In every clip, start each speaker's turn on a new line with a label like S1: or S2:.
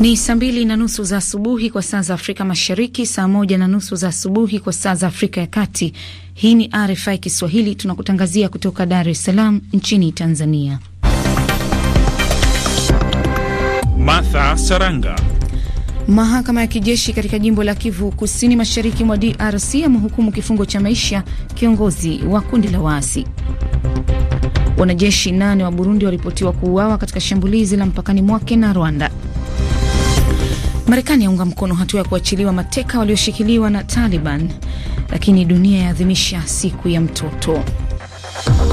S1: Ni saa mbili na nusu za asubuhi kwa saa za Afrika Mashariki, saa moja na nusu za asubuhi kwa saa za Afrika ya Kati. Hii ni RFI Kiswahili, tunakutangazia kutoka Dar es Salaam nchini Tanzania.
S2: Martha Saranga.
S1: Mahakama ya kijeshi katika jimbo la Kivu kusini mashariki mwa DRC amehukumu kifungo cha maisha kiongozi wa kundi la waasi. Wanajeshi nane wa Burundi waripotiwa kuuawa katika shambulizi la mpakani mwake na Rwanda. Marekani yaunga mkono hatua ya kuachiliwa mateka walioshikiliwa na Taliban, lakini dunia yaadhimisha siku ya mtoto.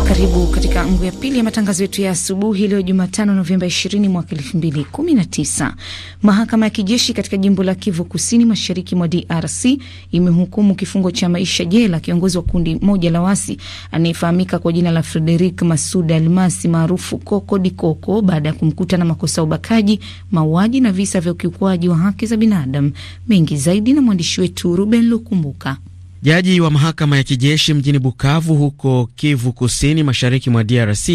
S1: Karibu katika ngu ya pili ya matangazo yetu ya asubuhi leo Jumatano, Novemba 20 mwaka 2019. Mahakama ya kijeshi katika jimbo la Kivu Kusini, mashariki mwa DRC imehukumu kifungo cha maisha jela kiongozi wa kundi moja la wasi anayefahamika kwa jina la Frederic Masud Almasi maarufu Koko Koko, baada ya kumkuta na makosa ya ubakaji, mauaji na visa vya ukiukwaji wa haki za binadamu. Mengi zaidi na mwandishi wetu Ruben Lukumbuka.
S3: Jaji wa mahakama ya kijeshi mjini Bukavu huko Kivu Kusini, mashariki mwa DRC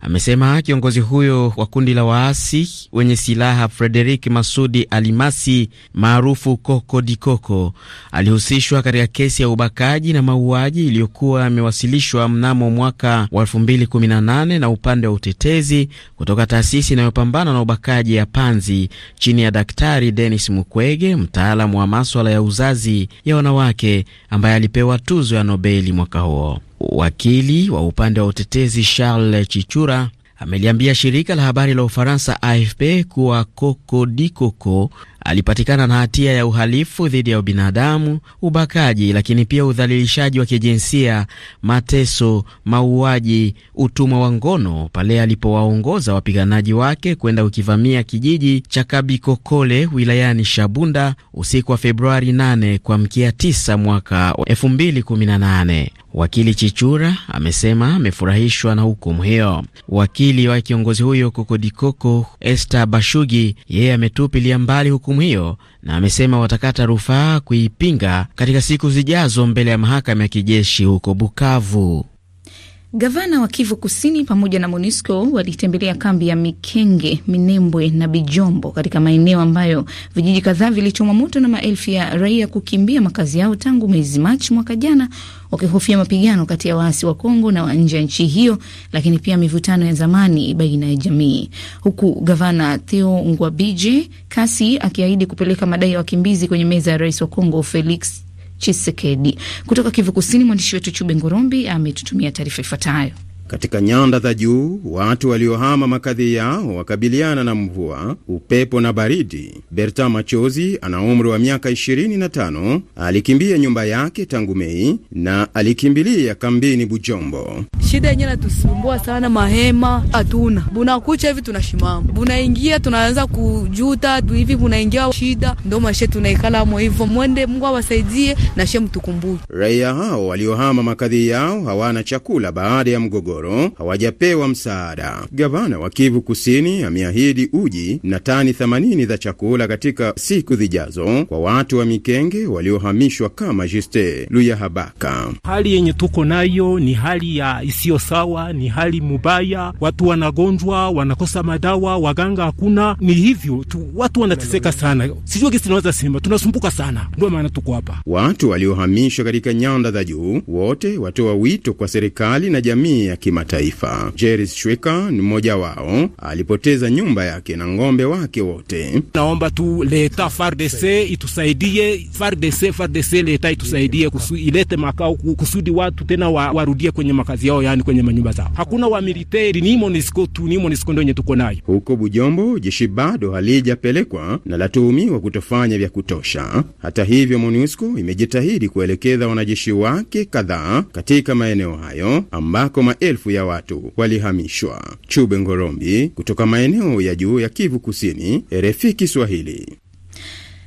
S3: amesema kiongozi huyo wa kundi la waasi wenye silaha Frederik Masudi Alimasi maarufu Koko Koko alihusishwa katika kesi ya ubakaji na mauaji iliyokuwa amewasilishwa mnamo mwaka wa 2018 na upande wa utetezi kutoka taasisi inayopambana na ubakaji ya Panzi chini ya Daktari Denis Mukwege, mtaalamu wa maswala ya uzazi ya wanawake ambaye alipewa tuzo ya Nobeli mwaka huo. Wakili wa upande wa utetezi Charles Chichura ameliambia shirika la habari la Ufaransa AFP kuwa Kokodikoko alipatikana na hatia ya uhalifu dhidi ya ubinadamu, ubakaji, lakini pia udhalilishaji wa kijinsia, mateso, mauaji, utumwa wa ngono pale alipowaongoza wapiganaji wake kwenda kukivamia kijiji cha Kabikokole wilayani Shabunda usiku wa Februari 8 kuamkia 9 mwaka 2018. Wakili Chichura amesema amefurahishwa na hukumu hiyo. Wakili wa kiongozi huyo Kokodikoko Esther Bashugi yeye ametupilia mbali hukumu hukumu hiyo na amesema watakata rufaa kuipinga katika siku zijazo mbele ya mahakama ya kijeshi huko Bukavu.
S1: Gavana wa Kivu Kusini pamoja na MONUSCO walitembelea kambi ya Mikenge, Minembwe na Bijombo katika maeneo ambayo vijiji kadhaa vilichomwa moto na maelfu ya raia kukimbia makazi yao tangu mwezi Machi mwaka jana, wakihofia mapigano kati ya waasi wa Kongo na wa nje ya nchi hiyo, lakini pia mivutano ya zamani baina ya jamii, huku gavana Theo Ngwabije Kasi akiahidi kupeleka madai ya wakimbizi kwenye meza ya rais wa Kongo Felix Chisekedi. Kutoka Kivu Kusini, mwandishi wetu Chube Ngorombi ametutumia taarifa ifuatayo.
S4: Katika nyanda za juu watu waliohama makazi yao wakabiliana na mvua, upepo na baridi. Berta Machozi ana umri wa miaka 25, alikimbia nyumba yake tangu Mei na alikimbilia kambini Bujombo.
S1: Shida yenyewe natusumbua sana, mahema hatuna, bunakucha hivi tunashimama, bunaingia tunaanza kujuta tu hivi, bunaingia shida, ndo maisha tunaikalamo hivyo. Mwende Mungu awasaidie na she
S4: Raia hao waliohama makazi yao hawana chakula baada ya mgogoro Morogoro hawajapewa msaada. Gavana wa Kivu Kusini ameahidi uji na tani 80 za chakula katika siku zijazo kwa watu wa Mikenge waliohamishwa kama Jiste Luya Habaka.
S2: Hali yenye tuko nayo ni hali ya isiyo sawa, ni hali mubaya, watu wanagonjwa, wanakosa madawa, waganga hakuna. Ni hivyo tu, watu wanateseka sana, sijui kisi naweza sema, tunasumbuka sana, ndio maana tuko hapa.
S4: Watu waliohamishwa katika nyanda za juu wote watoa wito kwa serikali na jamii ya kimataifa. Jeris Shweka ni mmoja wao, alipoteza nyumba yake na ng'ombe wake wote. Naomba tu
S2: leta FARDC itusaidie, FARDC, FARDC leta itusaidie kusu, ilete makao kusudi watu tena wa, warudie kwenye makazi yao, yani kwenye manyumba zao. Hakuna wa militeri, ni MONUSCO tu, ni MONUSCO ndio yenye tuko nayo
S4: huko Bujombo. Jeshi bado halijapelekwa na latuhumiwa kutofanya vya kutosha. Hata hivyo, MONUSCO imejitahidi kuelekeza wanajeshi wake kadhaa katika maeneo hayo ambako mae maelfu ya watu walihamishwa. Chube Ngorombi, kutoka maeneo ya juu ya Kivu Kusini, RFI Kiswahili.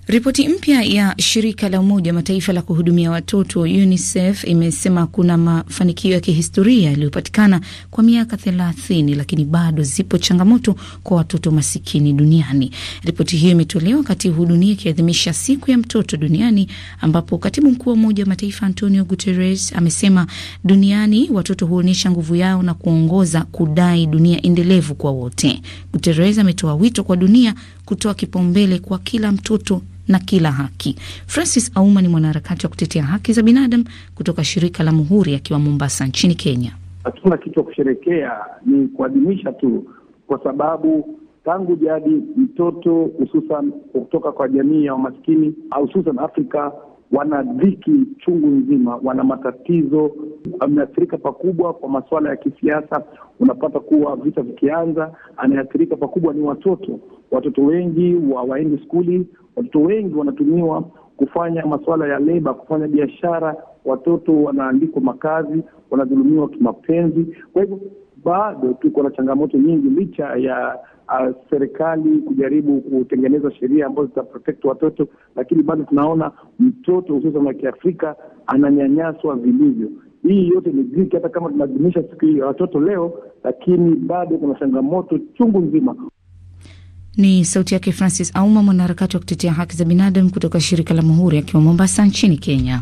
S1: Ripoti mpya ya shirika la Umoja wa Mataifa la kuhudumia watoto UNICEF imesema kuna mafanikio ya kihistoria yaliyopatikana kwa miaka thelathini, lakini bado zipo changamoto kwa watoto masikini duniani. Ripoti hiyo imetolewa wakati huu dunia ikiadhimisha siku ya mtoto duniani, ambapo katibu mkuu wa Umoja wa Mataifa Antonio Guterres amesema duniani watoto huonyesha nguvu yao na kuongoza kudai dunia endelevu kwa wote. Guterres ametoa wito kwa dunia kutoa kipaumbele kwa kila mtoto na kila haki. Francis Auma ni mwanaharakati wa kutetea haki za binadamu kutoka shirika la Muhuri akiwa Mombasa nchini Kenya.
S5: Hatuna kitu ya kusherekea, ni kuadhimisha tu, kwa sababu tangu jadi mtoto hususan kutoka kwa jamii ya umaskini hususan Afrika wana dhiki chungu nzima, wana matatizo, ameathirika pakubwa kwa masuala ya kisiasa. Unapata kuwa vita vikianza, anayeathirika pakubwa ni watoto. Watoto wengi hawaendi skuli, watoto wengi wanatumiwa kufanya masuala ya leba, kufanya biashara, watoto wanaandikwa makazi, wanadhulumiwa kimapenzi. Kwa hivyo bado tuko na changamoto nyingi licha ya uh, serikali kujaribu kutengeneza sheria ambazo zitaprotect watoto, lakini bado tunaona mtoto hususan wa Kiafrika ananyanyaswa vilivyo. Hii yote ni ziki, hata kama tunaadhimisha siku hii ya watoto leo, lakini bado kuna changamoto chungu nzima.
S1: Ni sauti yake Francis Auma, mwanaharakati wa kutetea haki za binadamu kutoka shirika la Muhuri akiwa Mombasa nchini Kenya.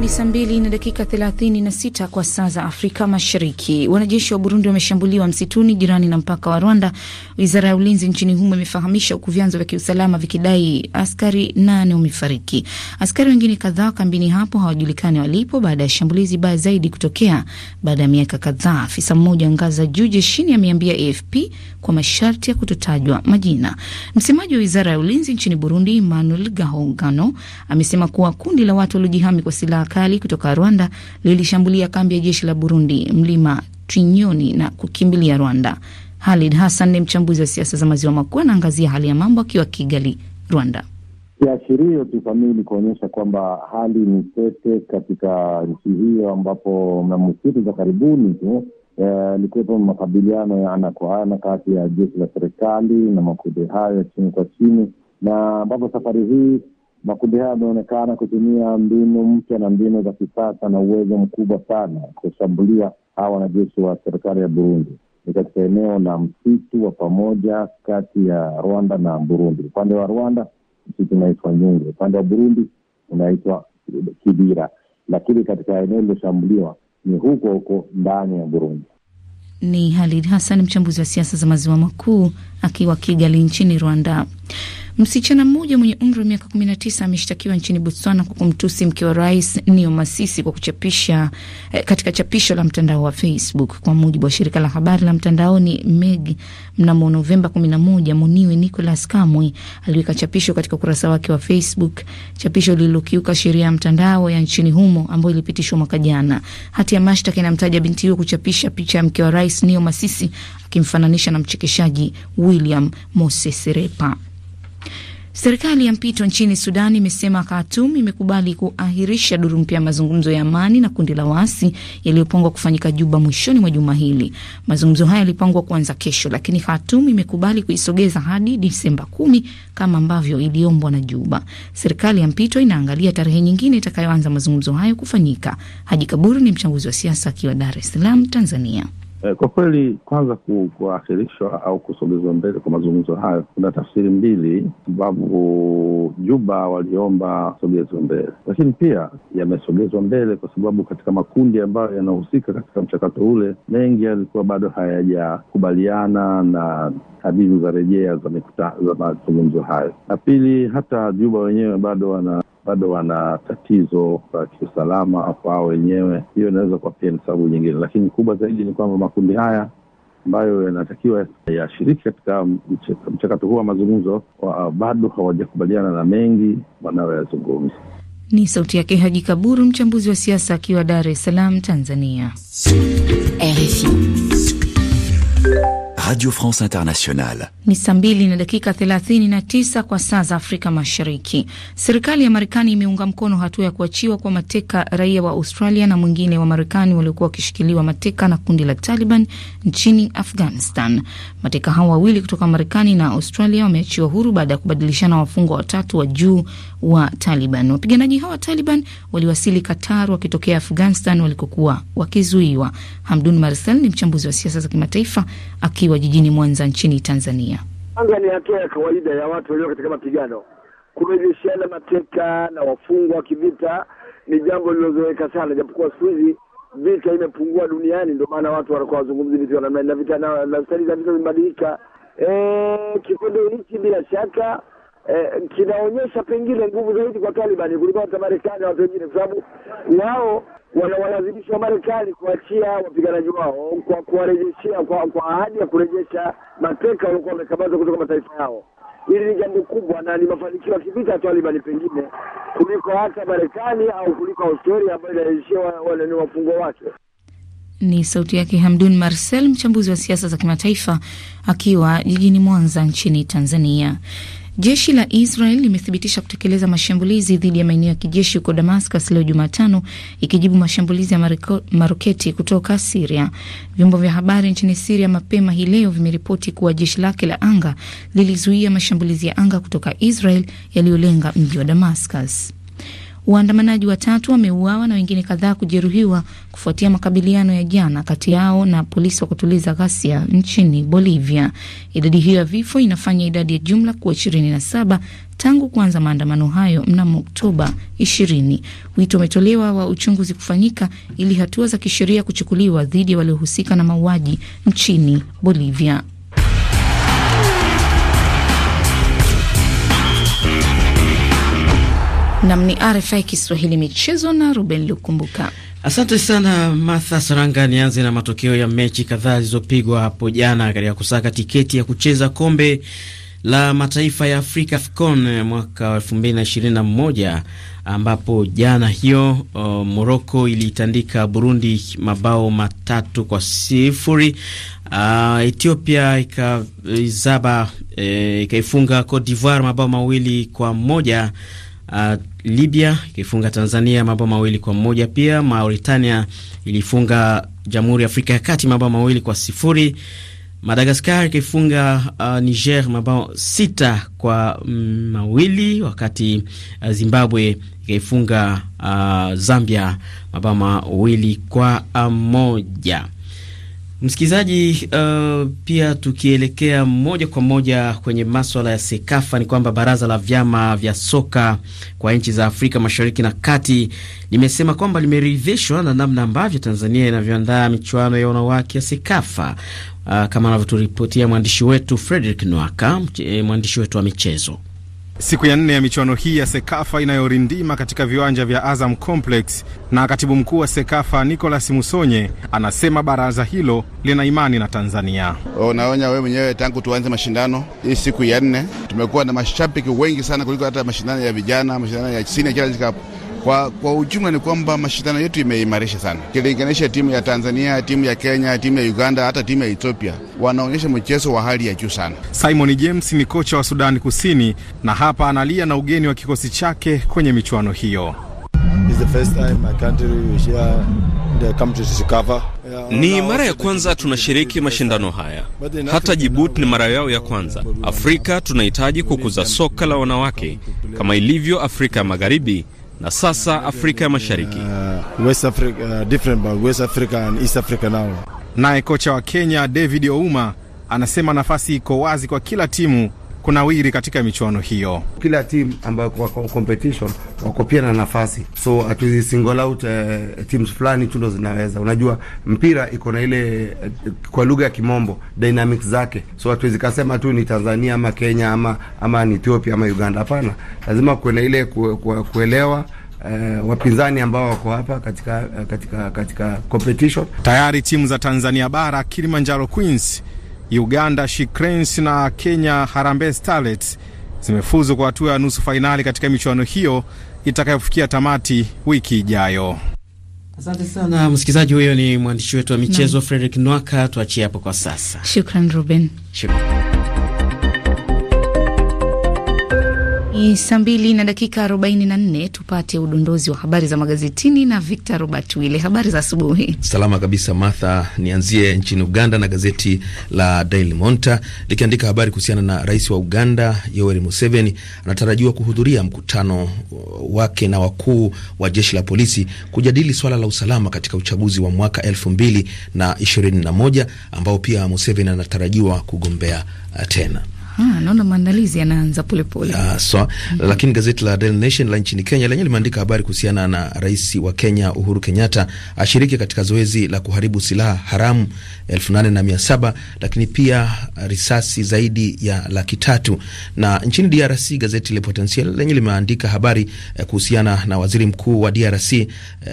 S1: Ni saa mbili na dakika 36 kwa saa za Afrika Mashariki. Wanajeshi wa Burundi wameshambuliwa msituni jirani na mpaka wa Rwanda, wizara ya ulinzi nchini humo imefahamisha, huku vyanzo vya kiusalama vikidai askari nane wamefariki. Askari wengine kadhaa kambini hapo hawajulikani walipo baada ya shambulizi baya zaidi kutokea baada ya miaka kadhaa. Afisa mmoja wa ngazi za juu jeshini ameambia AFP kwa masharti ya kutotajwa majina. Msemaji wa wizara ya ulinzi nchini Burundi, Manuel Gahongano, amesema kuwa kundi la watu waliojihami kwa silaha kali kutoka Rwanda lilishambulia kambi ya jeshi la Burundi mlima Twinyoni na kukimbilia Rwanda. Halid Hassan ni mchambuzi wa siasa za maziwa makuu, anaangazia hali ya mambo akiwa Kigali, Rwanda.
S5: Kiashirio tu kamili kuonyesha kwamba hali ni tete katika nchi hiyo, ambapo mnamo siku za karibuni tu eh, ilikuwepo eh, makabiliano ya ana kwa ana kati ya jeshi la serikali na makundi hayo ya chini kwa chini, na ambapo safari hii Makundi haya yameonekana kutumia mbinu mpya na mbinu za kisasa na uwezo mkubwa sana kushambulia hawa wanajeshi wa serikali ya Burundi. Ni katika eneo la msitu wa pamoja kati ya Rwanda na Burundi. Upande wa Rwanda msitu unaitwa Nyungwe, upande wa Burundi unaitwa Kibira, lakini katika eneo lililoshambuliwa ni huko huko ndani ya Burundi.
S1: Ni Halid Hassan, mchambuzi wa siasa za maziwa makuu akiwa Kigali nchini Rwanda. Msichana mmoja mwenye umri wa miaka 19 ameshtakiwa nchini Botswana kwa kumtusi mke wa rais Nio Masisi kwa kuchapisha eh, katika chapisho la mtandao wa Facebook. Kwa mujibu wa shirika la habari la mtandaoni Meg, mnamo Novemba 11 muniwe Nicholas Kamwe aliweka chapisho katika ukurasa wake wa Facebook, chapisho lililokiuka sheria ya mtandao ya nchini humo ambayo ilipitishwa mwaka jana. Hati ya mashtaka inamtaja binti huyo kuchapisha picha ya mke wa rais Nio Masisi akimfananisha na mchekeshaji William Moses Serepa. Serikali ya mpito nchini Sudan imesema Khartoum imekubali kuahirisha duru mpya ya mazungumzo ya amani na kundi la waasi yaliyopangwa kufanyika Juba mwishoni mwa juma hili. Mazungumzo haya yalipangwa kuanza kesho, lakini Khartoum imekubali kuisogeza hadi Disemba kumi kama ambavyo iliombwa na Juba. Serikali ya mpito inaangalia tarehe nyingine itakayoanza mazungumzo hayo kufanyika. Haji Kaburu ni mchambuzi wa siasa akiwa Dar es Salaam, Tanzania.
S5: E, kwa kweli kwanza kuahirishwa au kusogezwa mbele kwa mazungumzo hayo kuna tafsiri mbili, sababu Juba waliomba sogezwe mbele, lakini pia yamesogezwa mbele kwa sababu katika makundi ambayo yanahusika katika mchakato ule mengi yalikuwa bado hayajakubaliana na hadidu za rejea za mikutano za mazungumzo hayo, na pili hata Juba wenyewe bado wana bado wana tatizo la kiusalama kwao wenyewe. Hiyo inaweza kuwa pia ni sababu nyingine, lakini kubwa zaidi ni kwamba makundi haya ambayo yanatakiwa yashiriki katika mchakato huu wa mazungumzo bado hawajakubaliana na mengi wanayoyazungumza.
S1: Ni sauti yake Haji Kaburu, mchambuzi wa siasa akiwa Dar es Salaam, Tanzania,
S5: RFI.
S1: Radio France Internationale. Ni saa mbili na dakika 39 kwa saa za Afrika Mashariki. Serikali ya Marekani imeunga mkono hatua ya kuachiwa kwa mateka raia wa Australia na mwingine wa Marekani waliokuwa wakishikiliwa mateka na kundi la Taliban nchini Afghanistan. Mateka hao wawili kutoka Marekani na Australia wameachiwa huru baada ya kubadilishana wafungwa watatu wa juu wa Taliban. Wapiganaji hao wa Taliban waliwasili Qatar wakitokea Afghanistan walikokuwa wakizuiwa. Hamdun marsel ni mchambuzi wa siasa za kimataifa akiwa jijini Mwanza nchini Tanzania.
S5: Anga ni hatua ya kawaida ya watu walio katika mapigano kurejeshiana mateka na wafungwa wa kivita ni jambo lililozoeleka sana, japokuwa siku hizi vita imepungua duniani, ndio maana watu wanakuwa wazungumzi vitu namna na vita na stari za vita zimebadilika. E, hiki bila shaka eh, kinaonyesha pengine nguvu zaidi kwa Taliban kuliko hata Marekani na watu wengine, kwa sababu wao wanawalazimisha Marekani kuachia wapiganaji wao kwa kuwarejeshia kwa, kwa ahadi ya kurejesha mateka waliokuwa wamekamata kutoka mataifa yao. Hili ni jambo kubwa na ni mafanikio ya kivita ya Taliban pengine kuliko hata Marekani au kuliko Australia ambayo inarejeshia ni wafungwa wake.
S1: Ni sauti yake Hamdun Marcel, mchambuzi wa siasa za kimataifa akiwa jijini Mwanza nchini Tanzania. Jeshi la Israel limethibitisha kutekeleza mashambulizi dhidi ya maeneo ya kijeshi huko Damascus leo Jumatano, ikijibu mashambulizi ya mariko, maroketi kutoka Siria. Vyombo vya habari nchini Siria mapema hii leo vimeripoti kuwa jeshi lake la anga lilizuia mashambulizi ya anga kutoka Israel yaliyolenga mji wa Damascus. Waandamanaji watatu wameuawa na wengine kadhaa kujeruhiwa kufuatia makabiliano ya jana kati yao na polisi wa kutuliza ghasia nchini Bolivia. Idadi hiyo ya vifo inafanya idadi ya jumla kuwa 27 tangu kuanza maandamano hayo mnamo Oktoba 20. Wito umetolewa wa uchunguzi kufanyika ili hatua za kisheria kuchukuliwa dhidi ya waliohusika na mauaji nchini Bolivia. Nam ni RFI Kiswahili michezo na Ruben Lukumbuka.
S3: Asante sana Martha Saranga. Nianze na matokeo ya mechi kadhaa zilizopigwa hapo jana katika kusaka tiketi ya kucheza kombe la mataifa ya Afrika AFCON mwaka wa elfu mbili na ishirini na moja ambapo jana hiyo uh, Moroko ilitandika Burundi mabao matatu kwa sifuri. Uh, Ethiopia ikaizaba, e, eh, ikaifunga Cote d'Ivoire mabao mawili kwa moja Uh, Libya ikifunga Tanzania mabao mawili kwa moja. Pia Mauritania ilifunga Jamhuri ya Afrika ya Kati mabao mawili kwa sifuri. Madagaskar ikifunga uh, Niger mabao sita kwa mm, mawili, wakati uh, Zimbabwe ikaifunga uh, Zambia mabao mawili kwa moja. Msikilizaji, uh, pia tukielekea moja kwa moja kwenye maswala ya SEKAFA ni kwamba baraza la vyama vya soka kwa nchi za Afrika Mashariki na Kati limesema kwamba limeridhishwa na namna ambavyo Tanzania inavyoandaa michuano ya wanawake ya SEKAFA. Uh, kama anavyoturipotia mwandishi wetu Frederick Nwaka, eh, mwandishi wetu wa michezo
S2: siku ya nne ya michuano hii ya Sekafa inayorindima katika viwanja vya Azam Complex, na katibu mkuu wa Sekafa Nicolas Musonye anasema baraza hilo lina imani na Tanzania. Unaonya wewe mwenyewe, tangu tuanze mashindano hii siku ya nne tumekuwa na mashabiki wengi sana kuliko hata mashindano ya vijana, mashindano ya senior kwa, kwa ujumla ni kwamba mashindano yetu imeimarisha sana, kilinganisha timu ya Tanzania, timu ya Kenya, timu ya Uganda, hata timu ya Ethiopia, wanaonyesha mchezo wa hali ya juu sana. Simon James ni kocha wa Sudani Kusini na hapa analia na ugeni wa kikosi chake kwenye michuano hiyo. Ni mara ya kwanza tunashiriki mashindano haya. Hata Djibouti ni mara yao ya kwanza. Afrika tunahitaji kukuza soka la wanawake kama ilivyo Afrika ya Magharibi na sasa Afrika ya Mashariki. Uh, uh, Naye kocha wa Kenya David Ouma anasema nafasi iko wazi kwa kila timu kunawiri katika michuano hiyo. Kila timu ambayo kwa competition wako pia na nafasi, so hatuzi single out uh, teams fulani tu ndo zinaweza. Unajua mpira iko na ile uh, kwa lugha ya Kimombo dynamics zake, so hatuwezi kasema tu ni Tanzania ama Kenya ama ama ni Ethiopia ama Uganda. Hapana, lazima kuwe na ile kue, kue, kuelewa Uh, wapinzani ambao wako hapa katika, katika, katika competition. Tayari timu za Tanzania bara Kilimanjaro Queens Uganda Shikrens na Kenya Harambee Starlets zimefuzu kwa hatua ya nusu fainali katika michuano hiyo itakayofikia tamati wiki ijayo.
S3: Asante sana msikilizaji, huyo ni mwandishi wetu wa michezo Frederick Nwaka. Tuachie hapo kwa sasa.
S1: Shukran Ruben,
S3: shukran.
S1: Ni saa mbili na dakika 44. Tupate udondozi wa habari za magazetini na Victor Robert Wile. Habari za asubuhi.
S6: Salama kabisa Martha, nianzie nchini Uganda na gazeti la Daily Monitor likiandika habari kuhusiana na rais wa Uganda Yoweri Museveni anatarajiwa kuhudhuria mkutano wake na wakuu wa jeshi la polisi kujadili swala la usalama katika uchaguzi wa mwaka 2021 ambao pia Museveni anatarajiwa kugombea eh, tena.
S1: Ah, naona maandalizi yanaanza polepole. Ah,
S6: so, mm -hmm. Lakini gazeti la Daily Nation la nchini Kenya lenye limeandika habari kuhusiana na rais wa Kenya Uhuru Kenyatta ashiriki katika zoezi la kuharibu silaha haramu elfu nane na mia saba lakini pia risasi zaidi ya laki tatu. Na nchini DRC gazeti Le Potentiel lenye limeandika habari eh, kuhusiana na waziri mkuu wa DRC eh,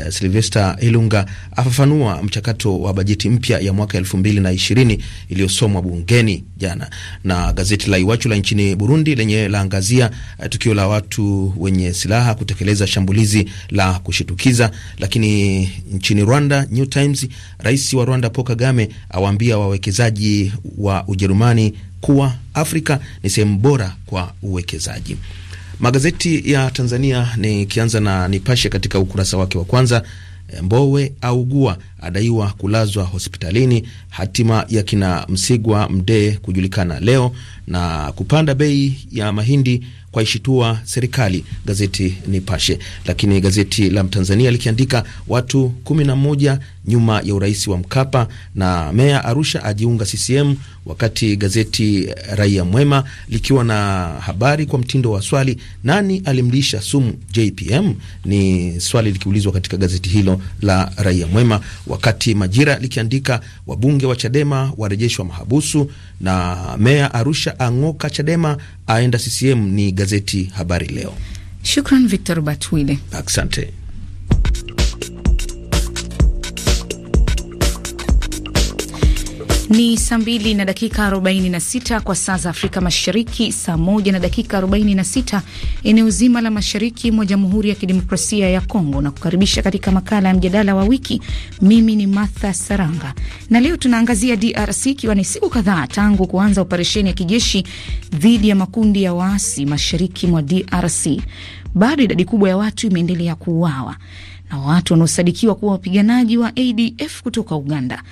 S6: Sylvester Ilunga afafanua mchakato wa bajeti mpya ya mwaka elfu mbili na ishirini iliyosomwa bungeni jana. Na gazeti la Iwachu la nchini Burundi lenye laangazia uh, tukio la watu wenye silaha kutekeleza shambulizi la kushitukiza. Lakini nchini Rwanda, New Times, rais wa Rwanda Paul Kagame awaambia wawekezaji wa Ujerumani kuwa Afrika ni sehemu bora kwa uwekezaji. Magazeti ya Tanzania nikianza na Nipashe, katika ukurasa wake wa kwanza, eh, Mbowe augua adaiwa kulazwa hospitalini. Hatima ya kina Msigwa Mdee kujulikana leo. Na kupanda bei ya mahindi kwaishitua serikali, gazeti Nipashe. Lakini gazeti la Mtanzania likiandika watu kumi na moja nyuma ya urais wa Mkapa na meya Arusha ajiunga CCM, wakati gazeti Raia Mwema likiwa na habari kwa mtindo wa swali, nani alimlisha sumu JPM? Ni swali likiulizwa katika gazeti hilo la Raia Mwema wakati Majira likiandika wabunge wa Chadema warejeshwa mahabusu na meya Arusha ang'oka Chadema aenda CCM. Ni gazeti Habari Leo. Shukran Victor Batwile, asante.
S1: Ni saa mbili na dakika 46 kwa saa za Afrika Mashariki, saa moja na dakika 46 eneo zima la mashariki mwa Jamhuri ya Kidemokrasia ya Kongo, na kukaribisha katika makala ya mjadala wa wiki. Mimi ni Martha Saranga, na leo tunaangazia DRC ikiwa ni siku kadhaa tangu kuanza operesheni ya kijeshi dhidi ya makundi ya waasi mashariki mwa DRC. Bado idadi kubwa ya watu imeendelea kuuawa na watu wanaosadikiwa kuwa wapiganaji wa ADF kutoka Uganda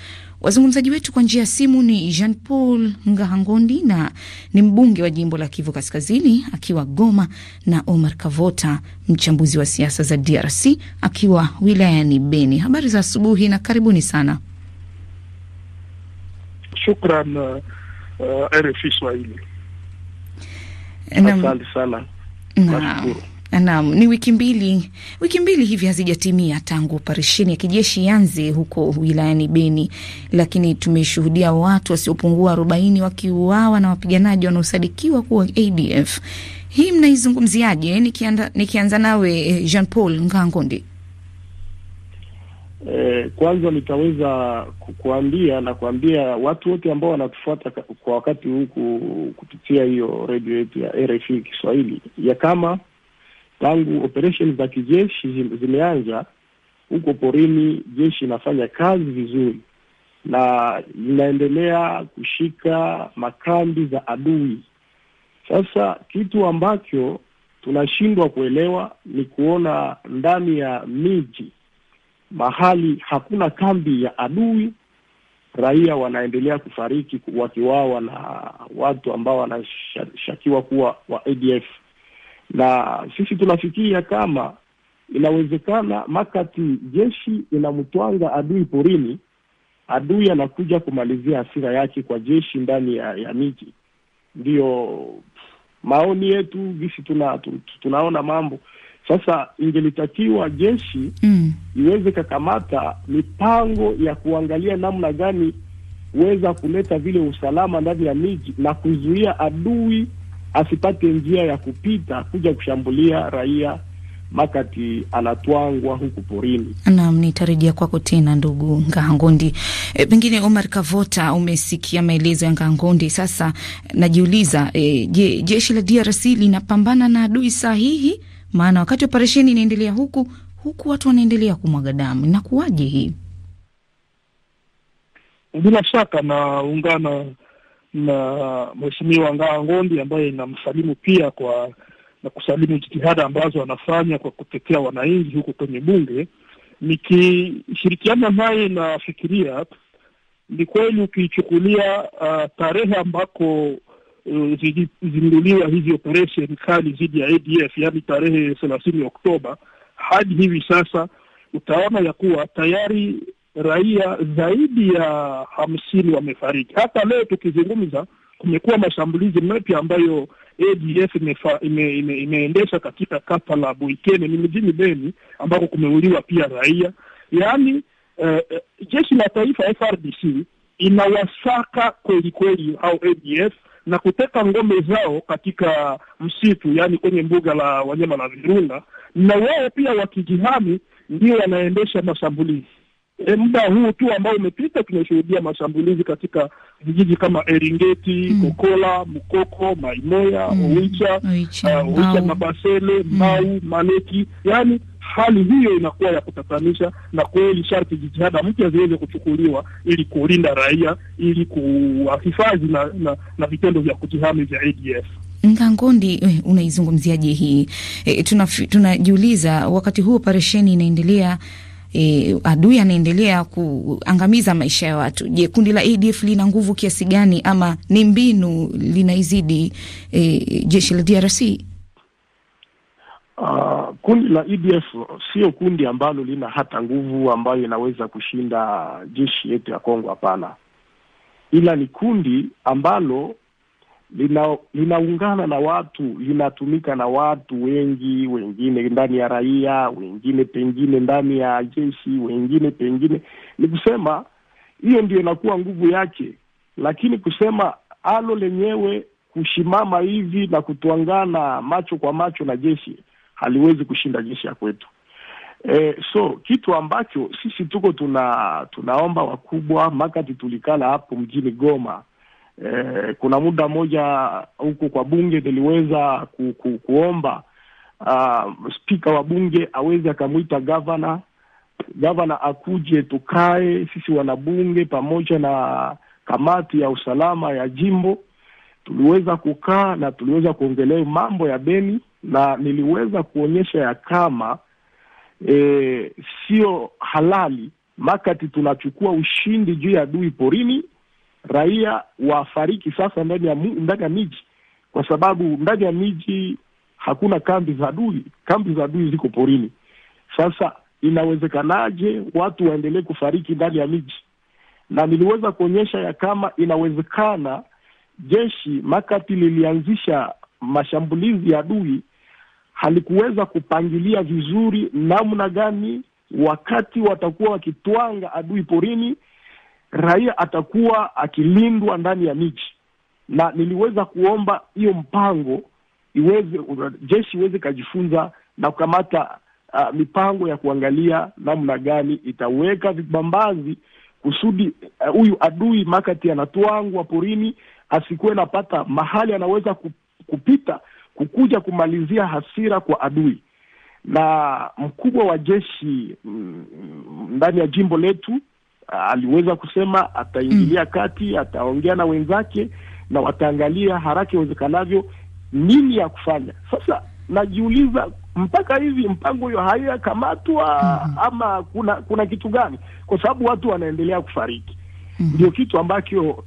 S1: Wazungumzaji wetu kwa njia ya simu ni Jean Paul Ngahangondi na ni mbunge wa jimbo la Kivu Kaskazini akiwa Goma, na Omar Kavota, mchambuzi wa siasa za DRC akiwa wilayani Beni. Habari za asubuhi na karibuni sana.
S5: Shukran uh, uh RFI Swahili, asante sana,
S1: nashukuru. Naam, ni wiki mbili, wiki mbili hivi hazijatimia tangu operesheni ya kijeshi ianze huko wilayani Beni, lakini tumeshuhudia watu wasiopungua arobaini wakiuawa na wapiganaji wanaosadikiwa kuwa ADF. Hii mnaizungumziaje? Nikianza nawe eh, Jean Paul Ngangondi.
S5: Eh, kwanza nitaweza kukuambia na kuambia watu wote ambao wanatufuata kwa wakati huu kupitia hiyo redio yetu ya RFI Kiswahili ya kama tangu operation za kijeshi zimeanza huko porini, jeshi inafanya kazi vizuri na inaendelea kushika makambi za adui. Sasa kitu ambacho tunashindwa kuelewa ni kuona ndani ya miji mahali hakuna kambi ya adui, raia wanaendelea kufariki wakiwawa na watu ambao wanashakiwa kuwa wa ADF na sisi tunafikia kama inawezekana makati jeshi inamtwanga adui porini, adui anakuja kumalizia hasira yake kwa jeshi ndani ya, ya miji. Ndiyo maoni yetu gisi tuna, tuna, tunaona mambo sasa. Ingelitakiwa jeshi mm, iweze kakamata mipango ya kuangalia namna gani weza kuleta vile usalama ndani ya miji na kuzuia adui asipate njia ya kupita kuja kushambulia raia makati anatwangwa huku porini.
S1: Naam, nitarejea kwako tena ndugu Ngangondi. E, pengine Omar Kavota, umesikia maelezo ya Ngangondi. Sasa najiuliza e, je, jeshi la DRC linapambana na adui sahihi? Maana wakati operesheni inaendelea huku huku watu wanaendelea kumwaga damu, inakuwaje hii?
S5: Bila shaka naungana na Mheshimiwa ngaa ngondi ambaye inamsalimu pia kwa na kusalimu jitihada ambazo anafanya kwa kutetea wananchi huko kwenye bunge. Nikishirikiana naye nafikiria ni kweli ukichukulia uh, tarehe ambako uh, zinduliwa hizi operation kali dhidi ya ADF yaani tarehe thelathini Oktoba hadi hivi sasa utaona ya kuwa tayari raia zaidi ya hamsini wamefariki. Hata leo tukizungumza, kumekuwa mashambulizi mapya ambayo ADF imeendesha ime, ime, ime katika kata la Buikene ni mjini Beni ambako kumeuliwa pia raia. Yaani eh, eh jeshi la taifa FRDC inawasaka kweli kweli au ADF na kuteka ngome zao katika msitu, yaani kwenye mbuga la wanyama la Virunga, na wao pia wakijihami ndio wanaendesha mashambulizi. E, muda huu tu ambao umepita tunashuhudia mashambulizi katika vijiji kama Eringeti mm. Kokola, Mukoko, Maimoya mm. Oicha, uh, Mabasele mm. Mau, Maleki, yaani hali hiyo inakuwa ya kutatanisha, na kweli sharti jitihada mpya ziweze kuchukuliwa ili kulinda raia, ili kuwahifadhi na, na, na vitendo vya kujihami vya ADF.
S1: Ngangondi, eh, unaizungumziaje hii? E, tunajiuliza tuna, wakati huu operesheni inaendelea e, adui anaendelea kuangamiza maisha ya watu. Je, kundi la ADF lina nguvu kiasi gani ama ni mbinu linaizidi e, jeshi la DRC?
S5: Uh, ah, kundi la EDF sio kundi ambalo lina hata nguvu ambayo inaweza kushinda jeshi yetu ya Kongo, hapana, ila ni kundi ambalo lina, linaungana na watu, linatumika na watu wengi, wengine ndani ya raia, wengine pengine ndani ya jeshi, wengine pengine. Ni kusema hiyo ndio inakuwa nguvu yake, lakini kusema alo lenyewe kushimama hivi na kutuangana macho kwa macho na jeshi haliwezi kushinda jeshi ya kwetu. E, so kitu ambacho sisi tuko tuna, tunaomba wakubwa, makati tulikala hapo mjini Goma eh, kuna muda mmoja huku kwa bunge niliweza ku, ku, kuomba uh, ah, spika wa bunge aweze akamwita gavana gavana akuje tukae sisi wanabunge pamoja na kamati ya usalama ya jimbo. Tuliweza kukaa na tuliweza kuongelea mambo ya Beni na niliweza kuonyesha ya kama e, sio halali makati tunachukua ushindi juu ya adui porini raia wafariki sasa ndani ya ndani ya miji, kwa sababu ndani ya miji hakuna kambi za adui. Kambi za adui ziko porini. Sasa inawezekanaje watu waendelee kufariki ndani ya miji? Na niliweza kuonyesha ya kama inawezekana jeshi makati lilianzisha mashambulizi ya adui halikuweza kupangilia vizuri namna gani wakati watakuwa wakitwanga adui porini raia atakuwa akilindwa ndani ya miji, na niliweza kuomba hiyo mpango iweze jeshi iweze ikajifunza na kukamata uh, mipango ya kuangalia namna gani itaweka vibambazi kusudi huyu uh, adui makati anatwangwa porini asikuwe napata mahali anaweza kupita kukuja kumalizia hasira kwa adui. Na mkubwa wa jeshi mm, mm, ndani mm, ya jimbo letu Ah, aliweza kusema ataingilia mm. kati, ataongea na wenzake na wataangalia haraka iwezekanavyo nini ya kufanya. Sasa najiuliza mpaka hivi mpango hiyo haiyakamatwa mm -hmm. ama kuna kuna kitu gani? Kwa sababu watu wanaendelea kufariki mm -hmm. ndio kitu ambacho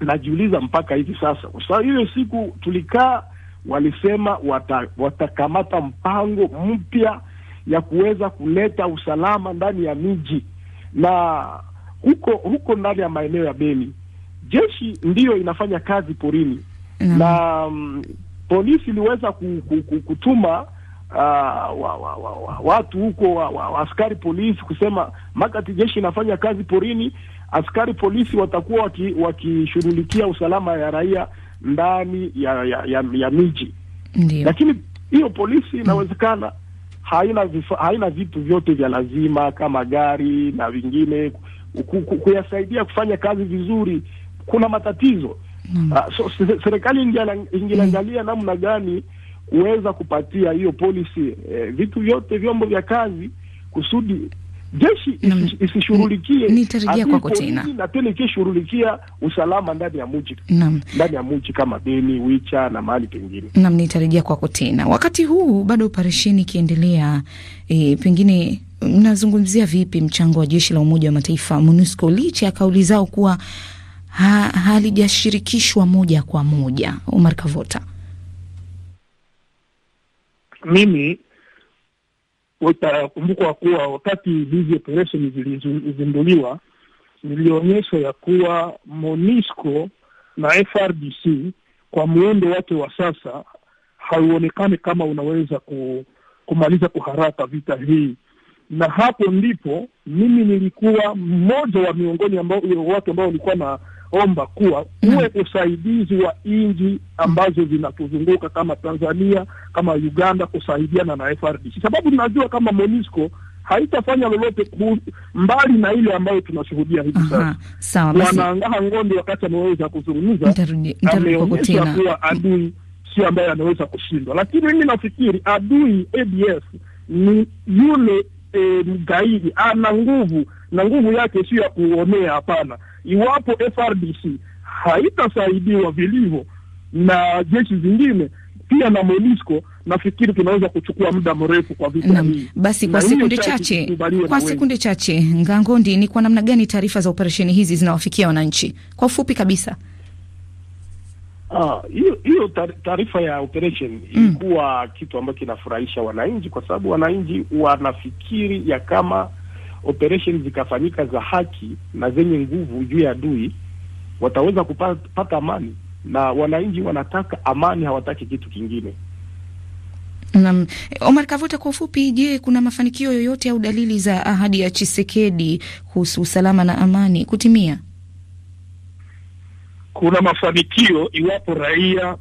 S5: najiuliza mpaka hivi sasa, kwa sababu hiyo siku tulikaa, walisema wata, watakamata mpango mpya ya kuweza kuleta usalama ndani ya miji na huko huko ndani ya maeneo ya Beni jeshi ndiyo inafanya kazi porini mm. na um, polisi iliweza ku, ku, ku, kutuma uh, wa, wa, wa, wa, watu huko wa, wa, wa, askari polisi kusema makati jeshi inafanya kazi porini, askari polisi watakuwa wakishughulikia waki usalama ya raia ndani ya, ya, ya, ya miji. Ndiyo. Lakini hiyo polisi mm. inawezekana mm haina vifaa, haina vitu vyote vya lazima kama gari na vingine kuyasaidia kufanya kazi vizuri. Kuna matatizo mm. Uh, so, serikali ingeangalia mm. namna gani kuweza kupatia hiyo polisi eh, vitu vyote vyombo vya kazi kusudi jeshi isishughulikie nitarejea kwako tena na tena ikishughulikia usalama ndani ya mji ndani ya mji kama Beni, Wicha na mahali pengine.
S1: Naam, nitarejea kwako tena. Wakati huu bado operesheni ikiendelea, e, pengine mnazungumzia vipi mchango wa jeshi la Umoja wa Mataifa MONUSCO licha ya kauli zao kuwa ha, halijashirikishwa moja kwa moja? Omar Kavota.
S5: Mimi utakumbukwa kuwa wakati hizi operesheni zilizinduliwa, nilionyeshwa ya kuwa monisco na FRDC kwa muundo wake wa sasa hauonekani kama unaweza ku, kumaliza kwa haraka vita hii, na hapo ndipo mimi nilikuwa mmoja wa miongoni ambao watu ambao walikuwa na omba kuwa mm. uwe usaidizi wa nchi ambazo zinatuzunguka kama Tanzania, kama Uganda, kusaidiana na FRDC, sababu tunajua kama MONUSCO haitafanya lolote mbali na ile ambayo tunashuhudia hivi sasa. Sawa basi, wanaangaha Ngondi wakati ameweza kuzungumza, ameonyesha kuwa adui si ambaye anaweza kushindwa, lakini mimi nafikiri adui ADF ni yule e, mgaidi ana nguvu na nguvu yake sio ya kuonea, hapana iwapo FRDC haitasaidiwa vilivyo na jeshi zingine pia na MONUSCO nafikiri tunaweza kuchukua muda mrefu kwa vita hii. Basi kwa sekunde chache, kwa sekunde
S1: chache, Ngangondi, ni kwa namna gani taarifa za operesheni hizi zinawafikia wananchi kwa ufupi kabisa?
S5: Ah, hiyo ah, taarifa ya operation mm. ilikuwa mm, kitu ambacho kinafurahisha wananchi, kwa sababu wananchi wanafikiri ya kama operesheni zikafanyika za haki na zenye nguvu juu ya adui, wataweza kupata amani, na wananchi wanataka amani, hawataki kitu kingine.
S1: Naam, Omar Kavuta, kwa ufupi, je, kuna mafanikio yoyote au dalili za ahadi ya Chisekedi kuhusu usalama na amani kutimia?
S5: Kuna mafanikio iwapo raia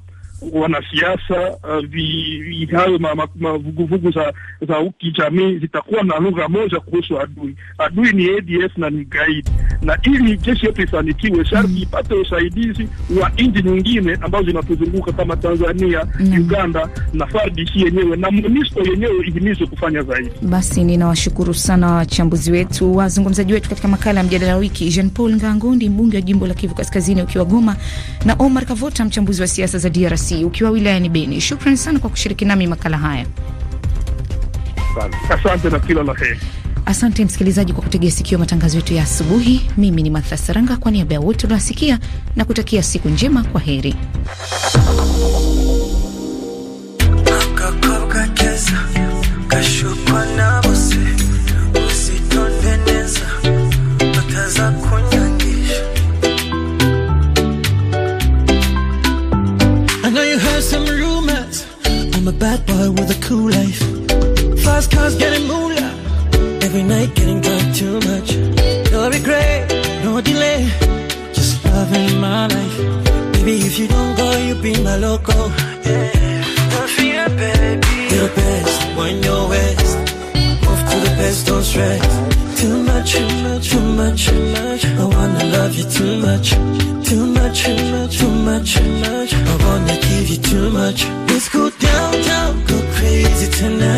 S5: wanasiasa uh, hayo mavuguvugu za za kijamii zitakuwa na lugha moja kuhusu adui. Adui ni ADF na ni gaidi, na ili jeshi yetu ifanikiwe, sharti ipate usaidizi wa nchi nyingine ambazo zinatuzunguka kama Tanzania mm, Uganda na FARDC yenyewe na MONUSCO yenyewe ihimizwe kufanya zaidi.
S1: Basi ninawashukuru sana wachambuzi wetu, wazungumzaji wetu katika makala ya mjadala wiki, Jean Paul Ngangundi, mbunge wa jimbo la Kivu Kaskazini ukiwa Goma, na Omar Kavota, mchambuzi wa siasa za DRC Busisi ukiwa wilayani Beni. Shukrani sana kwa kushiriki nami makala haya.
S5: Asante na kila la heri.
S1: Asante msikilizaji kwa kutegea sikio matangazo yetu ya asubuhi. Mimi ni Martha Saranga kwa niaba ya wote uliowasikia na kutakia siku njema. Kwa heri.
S7: much, I wanna love you too much, too much, too much, I wanna give you too much. Let's go downtown, go crazy tonight.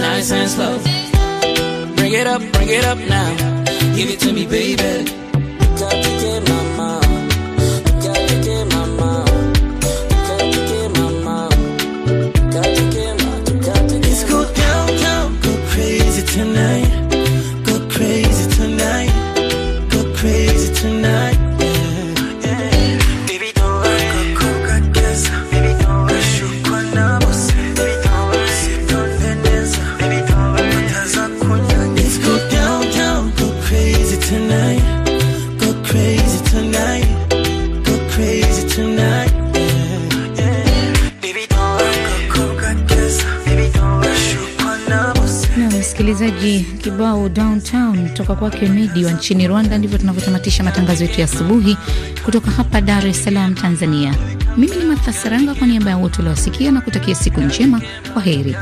S7: nice and slow. Bring it up, bring it up now. Give it to me, baby.
S1: kwake Medi wa nchini Rwanda. Ndivyo tunavyotamatisha matangazo yetu ya asubuhi kutoka hapa Dar es Salaam, Tanzania. Mimi ni Martha Saranga kwa niaba ya wote uliowasikia na kutakia siku njema. Kwa heri.